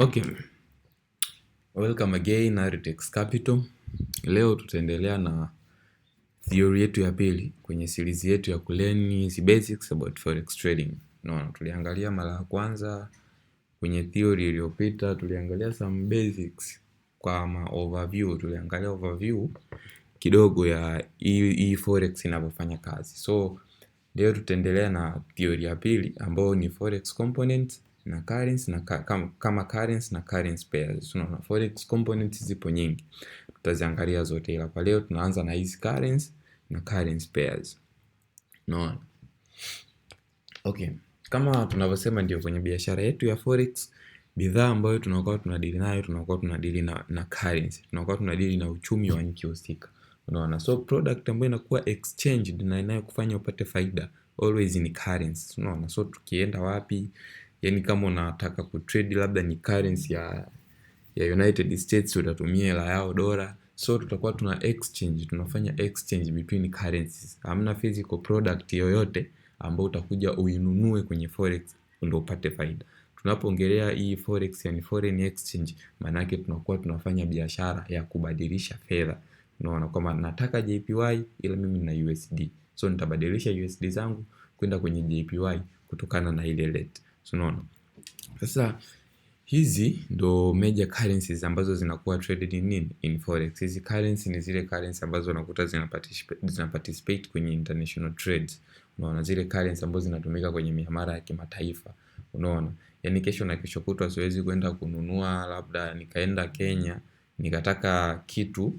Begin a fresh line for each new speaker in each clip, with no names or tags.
Okay, welcome again Aritex Capital. Leo tutaendelea na theory yetu ya pili kwenye series yetu ya kuleni hizi basics about forex trading. no, tuliangalia mara ya kwanza kwenye theory iliyopita, tuliangalia some basics kwa ma overview, tuliangalia overview kidogo ya hii forex inavyofanya kazi. So leo tutaendelea na theory ya pili ambayo ni forex components na currents na kama, kama currents na currents pairs. Tunaona forex components zipo nyingi, tutaziangalia zote, ila kwa leo tunaanza na hizi currents na currents pairs. no. Okay. Kama tunavyosema ndio kwenye biashara yetu ya forex bidhaa ambayo tunakuwa tunadili nayo tunakuwa tunadili na, na currency, tunakuwa tunadili na uchumi wa nchi husika. Unaona, so product ambayo inakuwa exchanged na inayokufanya upate faida always ni currency. Unaona, so tukienda wapi Yani kama unataka kutrade labda ni currency ya, ya United States utatumia hela yao dola. So tutakuwa tuna exchange, tunafanya exchange between currencies. Hamna physical product yoyote ambao utakuja uinunue kwenye forex ndio upate faida. Tunapoongelea hii forex yani foreign exchange, maana yake tunakuwa tunafanya biashara ya kubadilisha fedha. Unaona kama nataka JPY ila mimi na USD, so nitabadilisha USD zangu kwenda kwenye JPY kutokana na ile rate. Unaona? Sasa hizi ndo major currencies ambazo zinakuwa traded in nini? In forex. Hizi currency ni zile currency ambazo unakuta zina zinaparticipate kwenye international trades. Unaona zile currency ambazo zinatumika kwenye miamala ya kimataifa. Unaona? Yani kesho na kesho kutwa siwezi kwenda kununua labda nikaenda Kenya nikataka kitu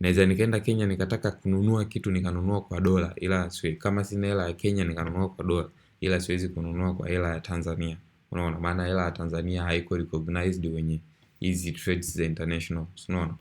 naweza nikaenda Kenya nikataka kununua kitu nikanunua kwa dola, ila sio kama sina hela ya Kenya nikanunua kwa dola, ila siwezi kununua kwa hela ya Tanzania. Unaona, maana hela ya Tanzania haiko recognized wenye hizi trades za international, unaona.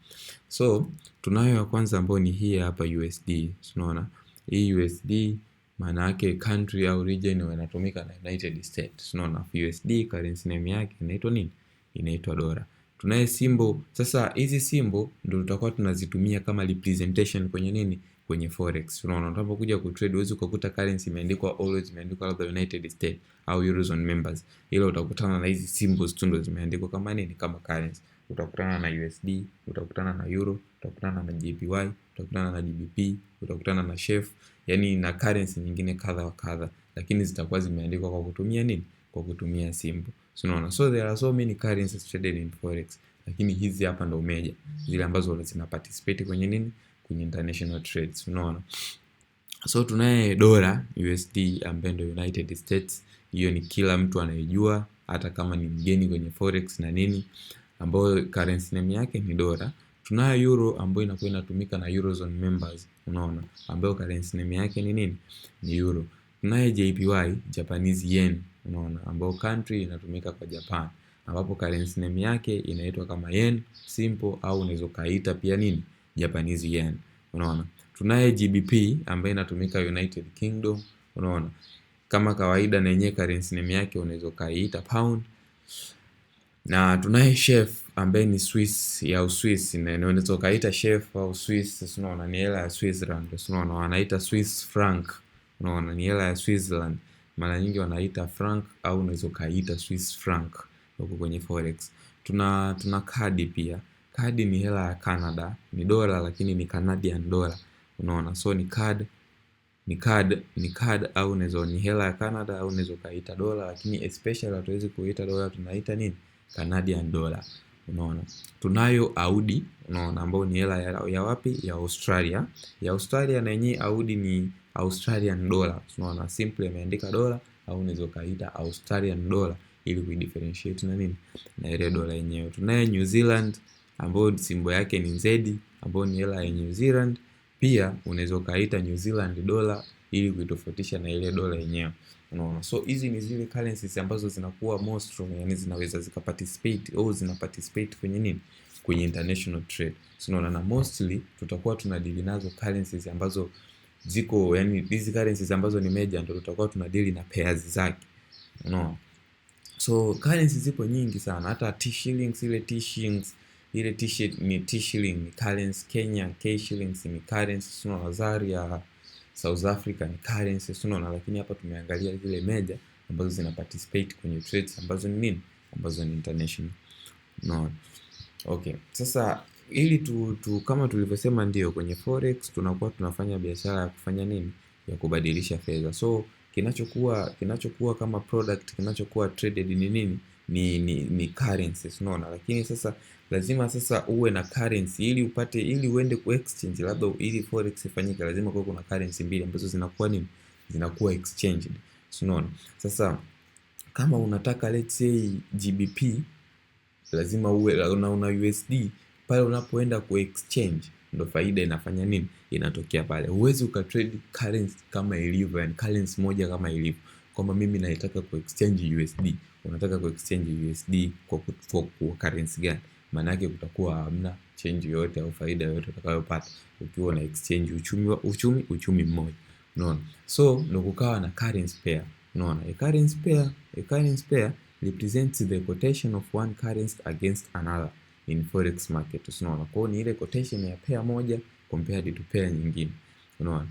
So tunayo ya kwanza ambayo ni hii hapa USD, unaona. Hii USD maana yake country au region inatumika na United States, unaona. USD currency name yake inaitwa nini? Inaitwa dola tunaye simbo. Sasa hizi simbo ndio tutakuwa tunazitumia kama representation kwenye nini? Kwenye forex. Unaona, unapokuja ku trade huwezi kukuta currency imeandikwa always imeandikwa labda United States au Eurozone members, ila utakutana na hizi symbols tu ndio zimeandikwa kama nini, kama currency. Utakutana na USD, utakutana na euro, utakutana na JPY, utakutana na GBP, utakutana na SHEF, yani na currency nyingine kadha wa kadha, lakini zitakuwa zimeandikwa kwa kutumia nini? Kwa kutumia symbol unaona. So there are so many currencies traded in forex, lakini hizi hapa ndo meja zile ambazo zina participate kwenye nini, kwenye international trades, unaona. So tunaye dola USD ambayo ndo United States, hiyo ni kila mtu anayejua, hata kama ni mgeni kwenye forex na nini, ambayo currency name yake ni dola. Tunayo euro ambayo inakuwa inatumika na Eurozone members, unaona, ambayo currency name yake ni nini, ni euro. Tunaye JPY, Japanese yen unaona, ambao country inatumika kwa Japan, ambapo currency name yake inaitwa kama yen simple, au unaweza kaita pia nini Japanese yen. Unaona, tunaye GBP ambayo inatumika United Kingdom. Unaona, kama kawaida na yenyewe currency name yake unaweza kaita pound na tunaye chef ambaye ni Swiss ya Uswisi, na inaweza ukaita chef wa Uswisi, Unaona, ni hela ya Switzerland. Unaona, wanaita Swiss franc. Unaona, ni hela ya Switzerland mara nyingi wanaita franc au unaweza ukaiita Swiss franc huko kwenye forex. Tuna tuna kadi pia. Kadi ni hela ya Canada, ni dola lakini ni Canadian dola Unaona? So ni card ni card ni card au unaweza ni hela ya Canada au unaweza ukaiita dola lakini especially hatuwezi kuita dola tunaita nini? Canadian dola Unaona? Tunayo Audi, unaona, ambayo ni hela ya, ya wapi? Ya Australia. Ya Australia na yenyewe Audi ni Australian dollar. Unaona simple imeandika dola au unaweza kaita Australian dollar ili kuidifferentiate na nini na ile dola yenyewe. Tunaye New Zealand ambayo simbo yake ni Z ambayo ni hela ya New Zealand. Pia unaweza kaita New Zealand dollar ili kuitofautisha na ile dola yenyewe. Unaona, so hizi ni zile currencies ambazo zinakuwa more strong, yani zinaweza zikaparticipate au zina participate kwenye nini, kwenye international trade. So unaona, na mostly tutakuwa tunadili nazo currencies ambazo ziko yani hizi currencies ambazo ni major ndio tutakuwa tuna deal na pairs zake no. so currencies zipo nyingi sana hata T shillings ile T shillings ile T shirt ni T shilling ni currency Kenya K shillings ni currency sio wazari ya South Africa ni currency sio na lakini hapa tumeangalia zile major ambazo zina participate kwenye trades ambazo ni nini ambazo ni international no. okay sasa ili tu, tu kama tulivyosema ndio kwenye forex tunakuwa tunafanya biashara ya kufanya nini? Ya kubadilisha fedha. So kinachokuwa kinachokuwa kama product kinachokuwa traded ni nini? Ni ni, ni currencies unaona. Lakini sasa lazima sasa uwe na currency ili upate ili uende ku exchange labda ili forex ifanyike, lazima kuwe kuna currency mbili ambazo zinakuwa nini? Zinakuwa exchanged. Unaona? Sasa kama unataka let's say GBP lazima uwe na una USD pale unapoenda kuexchange ndo faida inafanya nini? Inatokea pale. Huwezi ukatrade currency kama ilivyo, yani currency moja kama ilivyo kwamba mimi naitaka kuexchange USD, unataka kuexchange USD kwa, kwa, kwa currency gani? Maana yake kutakuwa hamna change yoyote au faida yoyote utakayopata ukiwa na exchange uchumi uchumi uchumi mmoja, unaona. So ndo kukawa na currency pair, unaona. A currency pair, a currency pair represents the quotation of one currency against another in forex market, unaona. Kwa hiyo ni ile quotation ya pair moja compared to pair nyingine, unaona.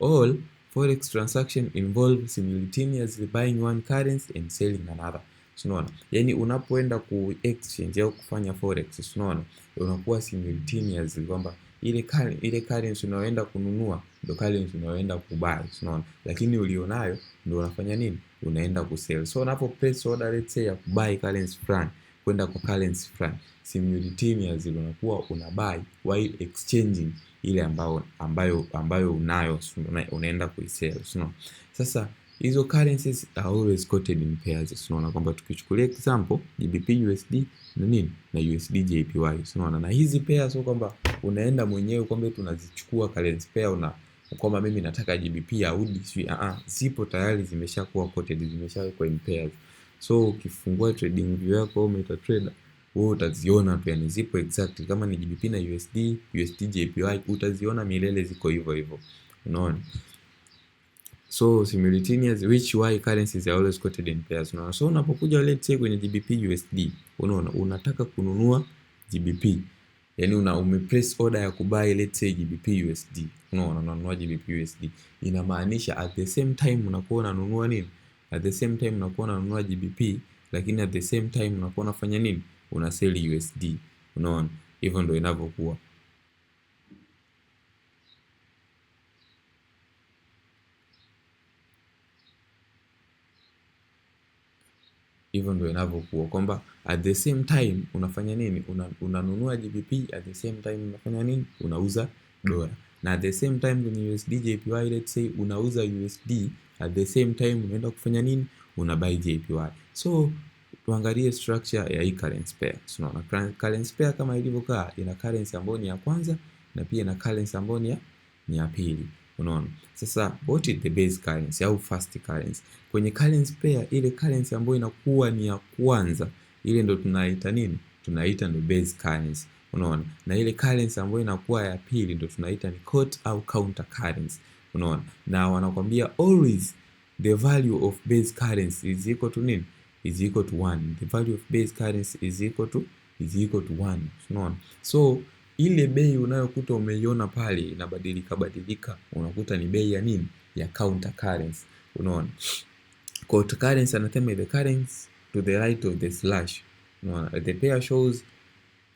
All forex transaction involve simultaneously buying one currency and selling another, unaona. Yani unapoenda ku exchange au kufanya forex, unaona, unakuwa simultaneously kwamba ile currency ile currency unayoenda kununua ndio currency unayoenda kubai, unaona, lakini ulionayo ndio unafanya nini, unaenda kusell. So unapo place order let's say ya kubai currency fulani kwenda kwa currency fulani. Similitude ni ya zero, unakuwa una buy while exchanging ile ambayo ambayo ambayo unayo unaenda kuisell, sio. Sasa hizo currencies are always quoted in pairs, unaona kwamba tukichukulia example GBP USD na nini na USD JPY, unaona. Na hizi pairs sio kwamba unaenda mwenyewe kwamba tunazichukua currency pair una kwamba mimi nataka GBP audi, sio, ah, ah, zipo tayari zimeshakuwa quoted, zimeshakuwa in pairs. So ukifungua trading view yako au MetaTrader, wewe utaziona tu yani zipo exact kama ni GBP na USD, USD JPY utaziona milele ziko hivyo hivyo. Unaona? So simultaneous which why currencies are always quoted in pairs. Unaona? So unapokuja let's say kwenye GBP USD, unaona unataka kununua GBP. yani una umepress order ya kubai let's say GBP USD. Unaona unanunua GBP USD. Inamaanisha at the same time unakuwa unanunua nini? at the same time unakuwa unanunua GBP, lakini at the same time unakuwa unafanya nini? Una sell USD. Unaona, hivyo ndio inavyokuwa. Hivyo ndio inavyokuwa kwamba at the same time unafanya nini? Unanunua una GBP, at the same time unafanya nini? Unauza dola, na at the same time kwenye USD JPY, let's say unauza USD at the same time unaenda kufanya nini? Una buy JPY. So tuangalie structure ya hii currency pair. Tunaona currency pair kama ilivyokaa ina currency ambayo ni ya kwanza na pia ina currency ambayo ni ya ni ya pili. Unaona? Sasa what is the base currency au first currency? Kwenye currency pair ile currency ambayo inakuwa ni ya kwanza ile ndio tunaita nini? Tunaita ndio base currency. Unaona? Na ile currency ambayo inakuwa ya pili ndio tunaita ni court au counter currency unaona na wanakwambia always the value of base currency is equal to nini is equal to 1 the value of base currency is equal to is equal to 1 unaona so ile bei unayokuta umeiona pale inabadilika badilika, unakuta ni bei ya nini? Ya counter currency. Unaona, counter currency anasema the currency to the right of the slash. Unaona, the pair shows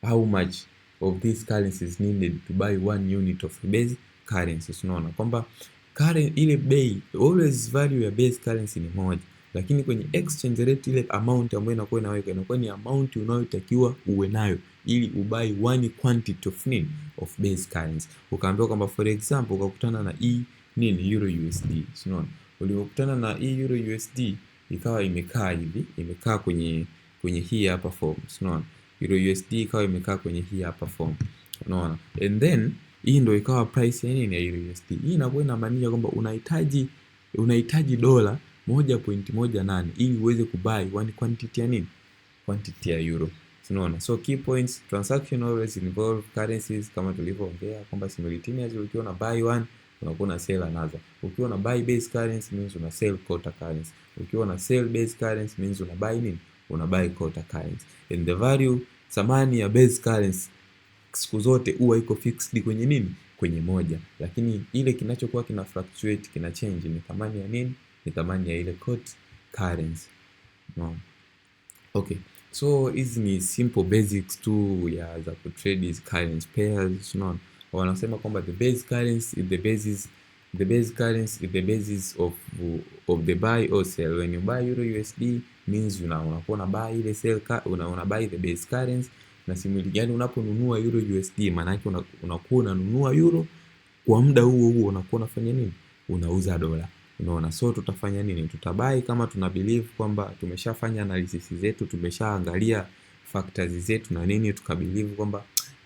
how much of these currencies needed to buy one unit of base currencies unaona kwamba currency ile bei always value ya base currency ni moja, lakini kwenye exchange rate ile amount ambayo inakuwa inaweka inakuwa ni amount unayotakiwa uwe nayo ili ubai one quantity of nini of base currency. Ukaambiwa kwamba for example ukakutana na e nini euro USD, unaona uliokutana na e euro USD ikawa imekaa hivi, imekaa kwenye kwenye hii hapa form, unaona euro USD ikawa imekaa kwenye hii hapa form, unaona and then hii ndio ikawa price ya nini ya USD. Hii inakuwa inamaanisha kwamba unahitaji unahitaji dola 1.18 ili uweze kubai one quantity ya nini? Quantity ya euro. Unaona? So key points, transaction always involve currencies kama tulivyoongea kwamba simultaneously ukiwa na buy one unakuwa na sell another. Ukiwa na buy base currency means una sell quarter currency. Ukiwa na sell base currency means una buy nini? Una buy quarter currency. And the value thamani ya base currency siku zote huwa iko fixed kwenye nini? Kwenye moja, lakini ile kinachokuwa kina fluctuate kina change ni thamani ya nini? Ni thamani ya ile quote currency. No. Okay. So hizi ni simple basics tu ya za ku trade these currency pairs, no. Wanasema kwamba the base currency is the basis the base currency is the basis of of the buy or sell. When you buy euro USD means una unakuwa una buy ile sell una, una buy the base currency na simu yani, unaponunua euro USD maana yake unakuwa unanunua euro kwa muda huo huo unakuwa unafanya nini, unauza dola. Unaona, so tutafanya nini? Tutabai kama tuna believe kwamba tumeshafanya analysis zetu, tumeshaangalia factors zetu na nini, tukabelieve kwamba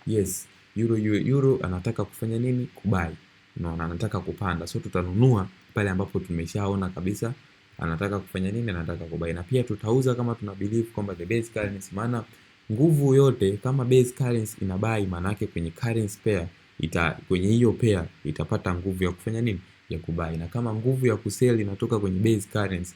yes euro, euro, euro anataka kufanya nini? Kubai. Unaona, anataka kupanda, so tutanunua pale ambapo tumeshaona kabisa anataka kufanya nini, anataka kubai, na pia tutauza kama tuna believe kwamba the base currency maana nguvu yote kama base currency ina buy, maanake kwenye currency pair ita, kwenye hiyo pair itapata nguvu ya kufanya nini? Ya kubai, Na kama nguvu ya kusell inatoka kwenye base currency,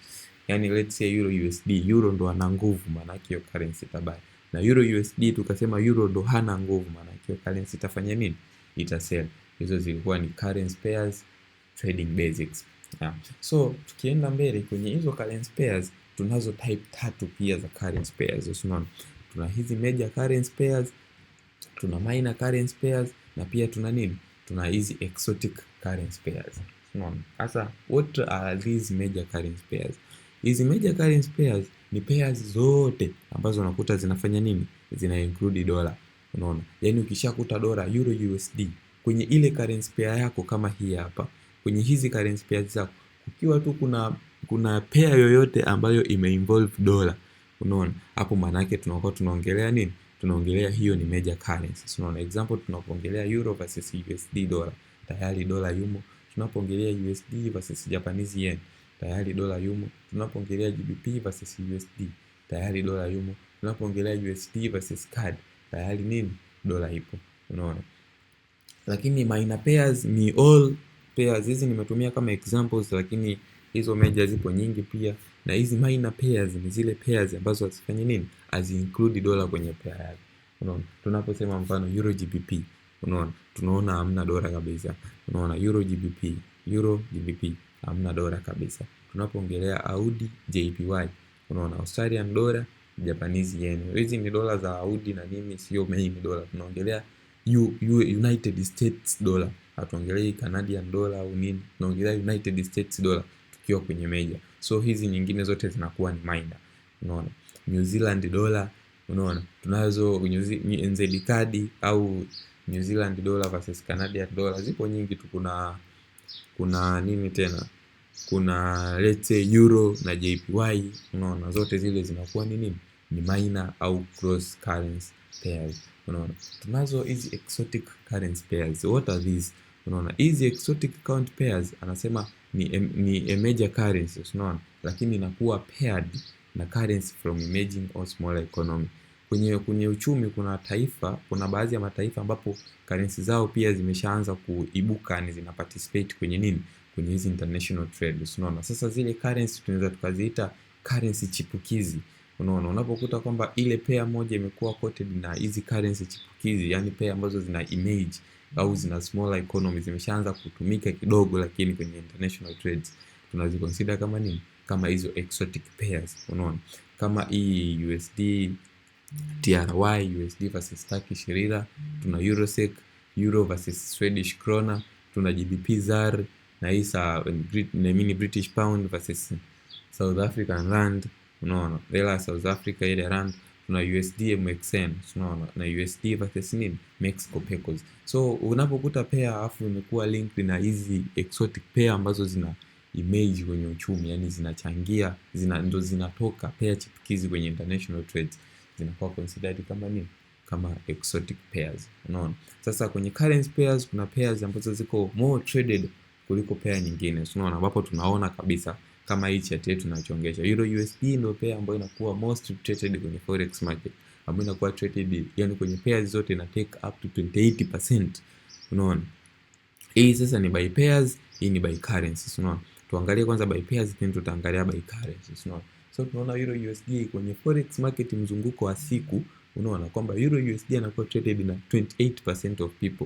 yani let's say euro USD, euro ndo ana nguvu, maana hiyo currency itabai, Na euro USD tukasema euro ndo hana nguvu, maana hiyo currency itafanya nini? Itasell. Hizo zilikuwa ni currency pairs trading basics. Yeah. So tukienda mbele kwenye hizo currency pairs tunazo type tatu pia za currency pairs, so, tuna hizi major current pairs, tuna minor current pairs na pia tuna nini? Tuna hizi exotic current pairs. Unaona? Sasa what are these major current pairs? Hizi major current pairs ni pairs zote ambazo unakuta zinafanya nini? Zina include dola. Unaona? yani ukishakuta dola, euro, USD kwenye ile current pair yako kama hii hapa, kwenye hizi current pairs zako, ukiwa tu kuna kuna pair yoyote ambayo imeinvolve dola Unaona hapo, maana yake tunakuwa tunaongelea nini? Tunaongelea hiyo ni major currency. Unaona example, tunapoongelea euro versus USD dola, tayari dola yumo. Tunapoongelea USD versus Japanese yen, tayari dola yumo. Tunapoongelea GBP versus USD, tayari dola yumo. Tunapoongelea USD versus CAD, tayari nini, dola ipo. Unaona, lakini minor pairs ni all pairs. Hizi nimetumia kama examples, lakini hizo major zipo nyingi pia na hizi minor pairs ni zile pairs ambazo hazifanyi nini, hazi include dola kwenye pair yake. Unaona, tunaposema mfano euro GBP, unaona tunaona hamna dola kabisa. Unaona euro GBP, euro GBP hamna dola kabisa. Tunapoongelea Audi JPY, unaona Australian dollar, Japanese yen, hizi ni dola za Audi na nini, sio main dola. Tunaongelea United States dollar, hatuongelei Canadian dollar au nini, tunaongelea United States dollar tukiwa kwenye meja So hizi nyingine zote zinakuwa ni minor. Unaona? New Zealand dollar, unaona? Tunazo NZ kadi au New Zealand dollar versus Canadian dollar. Zipo nyingi tu kuna kuna nini tena? Kuna let's say euro na JPY, unaona? Zote zile zinakuwa ni nini? Ni minor au cross currency pairs. Unaona? Tunazo hizi exotic currency pairs. What are these? Unaona? Hizi exotic count pairs anasema ni, ni a major currency unaona, lakini inakuwa paired na currency from emerging or smaller economy. Kwenye, kwenye uchumi kuna taifa, kuna baadhi ya mataifa ambapo currency zao pia zimeshaanza kuibuka ni zina participate kwenye nini, kwenye hizi international trade unaona. Sasa zile currency tunaweza tukaziita currency chipukizi unaona, unapokuta kwamba ile pair moja imekuwa coated na hizi currency chipukizi, yani pair ambazo zina image au zina smaller economy zimeshaanza kutumika kidogo, lakini kwenye international trades tunaziconsider kama nini? Kama hizo exotic pairs, unaona kama hii USD TRY, USD versus Turkish lira, tuna Eurosec, Euro versus Swedish krona, tuna GBP ZAR na hii sa mini British pound versus South African rand, unaona hela South Africa ile rand tuna USD MXN tunaona na USD versus nini Mexico pesos. So unapokuta pair alafu imekuwa linked na hizi exotic pair ambazo zina image kwenye uchumi, yani zinachangia zina, ndo zinatoka pair chipukizi kwenye international trades zinakuwa considered kama nini kama exotic pairs. Unaona, sasa kwenye currency pairs kuna pairs ambazo ziko more traded kuliko pair nyingine, unaona, ambapo tunaona kabisa kama hii chart yetu tunachoongesha euro USD ndio pair ambayo inakuwa most traded kwenye forex market, ambayo inakuwa traded yani kwenye pairs zote ina take up to 28%. Unaona, hii sasa ni by pairs, hii ni by currencies. Unaona, tuangalie kwanza by pairs, then tutaangalia by currencies. Unaona, so tunaona euro USD kwenye forex market mzunguko wa siku, unaona kwamba euro USD anakuwa traded na 28% of people.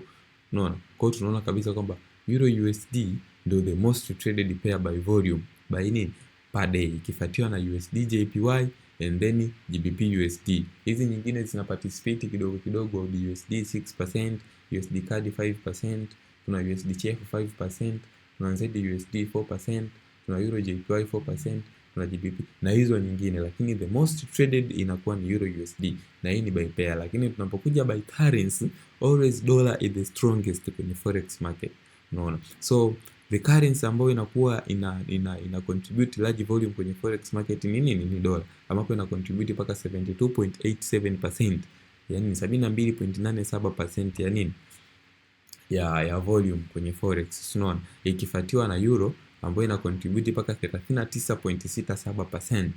Unaona, kwa hiyo tunaona kabisa kwamba euro USD ndio the most traded pair by volume by nini? Per day ikifuatiwa na USD JPY and then GBP USD. Hizi nyingine zina participate kidogo kidogo, USD 6%, USD CAD 5%, kuna USD CHF 5%, kuna ZD USD 4%, kuna Euro JPY 4%, na GBP na hizo nyingine, lakini the most traded inakuwa ni Euro USD na hii ni by pair, lakini tunapokuja by currency always dollar is the strongest kwenye forex market, unaona so recurrence ambayo inakuwa ina, ina, ina contribute large volume kwenye forex market ni nini? Ni dola ambapo ina contribute mpaka 72.87%, yani 72.87% ya nini ya ya volume kwenye forex, unaona, ikifuatiwa na euro ambayo ina contribute mpaka 39.67%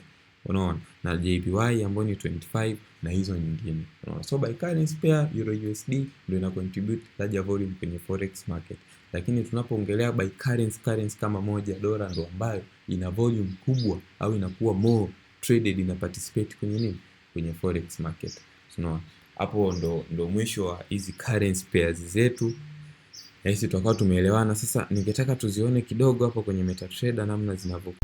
unaona, na JPY ambayo ni 25 na hizo nyingine, unaona. So by currency pair Euro USD ndio ina contribute larger volume kwenye forex market, lakini tunapoongelea by currency, currency kama moja dola ndio ambayo ina volume kubwa au inakuwa more traded, ina participate kwenye nini, kwenye forex market, unaona. Hapo ndo, ndo mwisho wa hizi currency pairs zetu. Hisi tutakuwa tumeelewana. Sasa ningetaka tuzione kidogo hapo kwenye MetaTrader namna zinavyo